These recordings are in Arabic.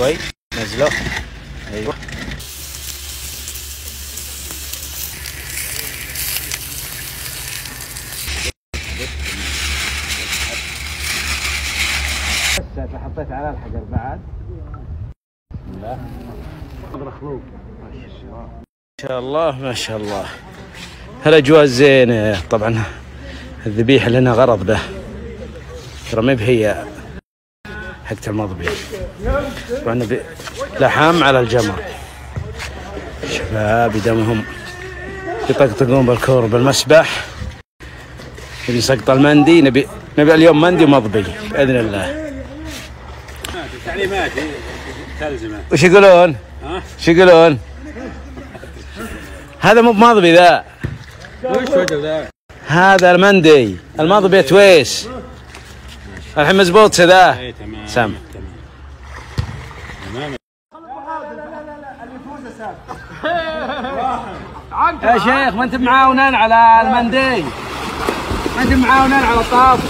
شوي نزله ايوه حطيت على الحجر بعد بسم ما شاء الله ما شاء الله ما شاء الله هالاجواء زينه طبعا الذبيحه لنا غرض به ترى ما هي حقت المضبيح طبعا لحام على الجمر شباب دمهم يطقطقون بالكور بالمسبح نبي سقط المندي نبي نبي اليوم مندي ومضبي باذن الله تعليماتي تلزمه وش يقولون؟ ها؟ وش يقولون؟ هذا مو بمضبي ذا وش وجه ذا؟ هذا المندي المضبي تويس الحين مزبوط ذا إيه، سام يا شيخ ما انتم معاونين على المندي ما انتم معاونين على الطاف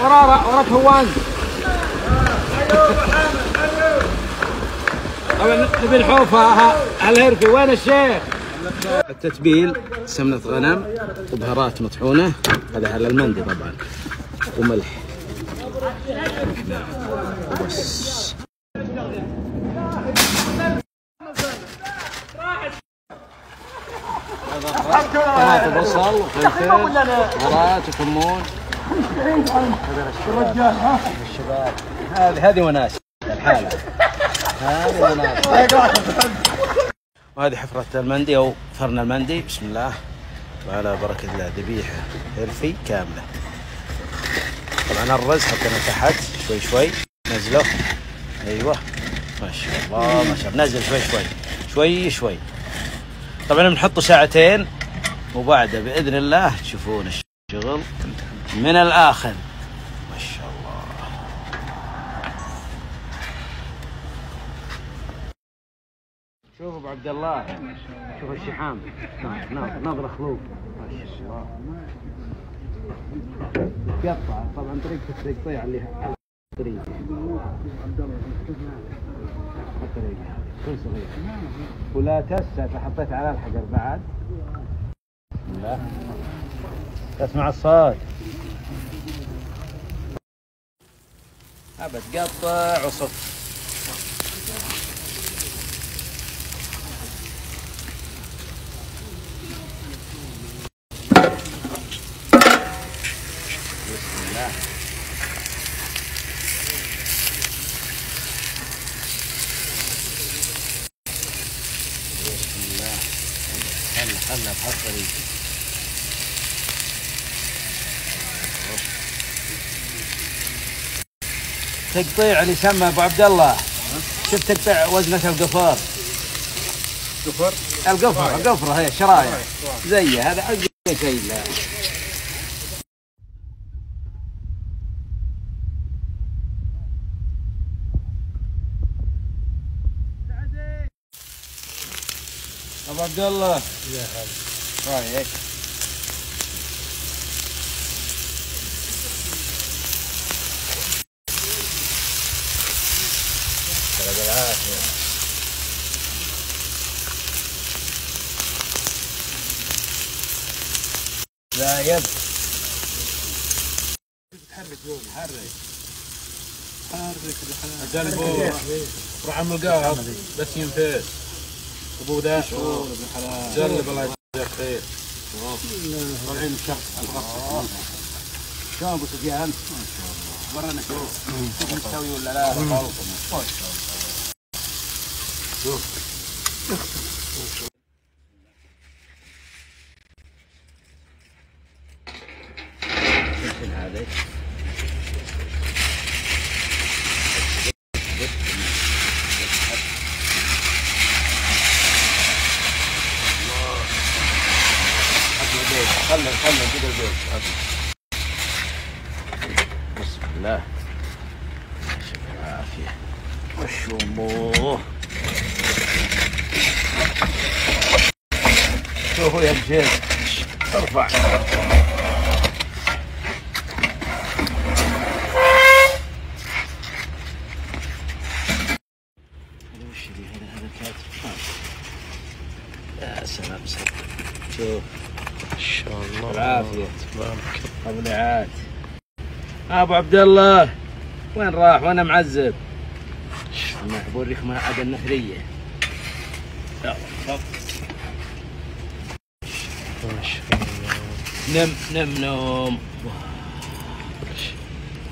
ورا ورا هوان طبعا نبي الحوفه الهرفي وين الشيخ؟ التتبيل سمنة غنم وبهارات مطحونة هذا على المندي طبعا وملح نعم. وبس وبصل وفلفل ورات وكمون الرجال ها هذه هذه وناس الحالة هذه وناس وهذه حفرة المندي أو فرن المندي بسم الله وعلى بركة الله ذبيحة هيلثي كاملة طبعا الرز حطينا تحت شوي شوي نزله ايوه ما شاء الله ما شاء الله نزل شوي شوي شوي شوي طبعا بنحطه ساعتين وبعده باذن الله تشوفون الشغل من الاخر ما شاء الله شوف ابو عبد الله شوف الشحام نظره خلوق ما شاء الله يقطع طبعا طريقة التقطيع اللي على ولا تسه حطيت على الحجر بعد الله تسمع الصوت ابد قطع وصف خلنا بهالطريقه تقطيع اللي يسمى ابو عبد الله شفت تقطيع وزنه القفار قفر القفر القفره هي الشرايع زي هذا اقل شيء لا ابو عبد الله يا هلا رايك زايد حرك حرك حرك بس ينفس ابو ده جرب الله يجزاك خير طالعين الشرق شلون ابو سفيان؟ ما شاء الله ورانا شوف شوف مستوي ولا لا ما شاء الله شوف عليك خلنا خلنا كده البيض بسم الله شوف العافية وشموه شوفوا يا مجيد ارفع بالك ابو عبد الله وين راح وانا معذب محبور ما عاد الله نم نم نوم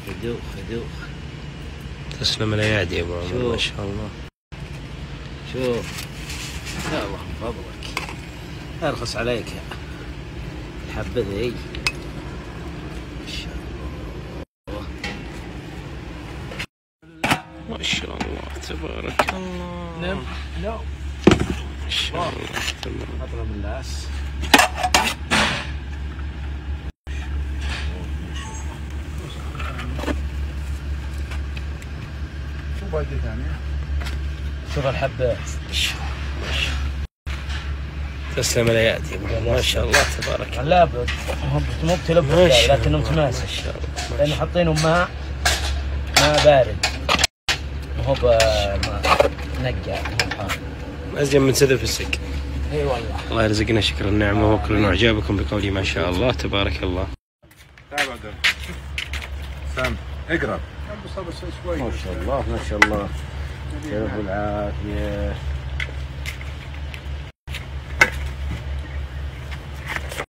خدوخ خدوخ تسلم الايادي يا ابو عمر ما شاء الله شوف يا الله من فضلك ارخص عليك الحبة ذي تبارك الله نعم لا شاء الله شوف الحبات تسلم الايادي ما شاء الله تبارك الله لابد مو بتلبس يعني، لكنه متماسك ما شاء الله لانه حاطينهم ماء ماء بارد هو آه، نقع ازين من سذف السك اي والله الله يرزقنا شكر النعمه آه وكل اعجابكم بقولي ما شاء الله تبارك الله تعال عبد سام اقرب ما شاء الله ما شاء الله كيف العافيه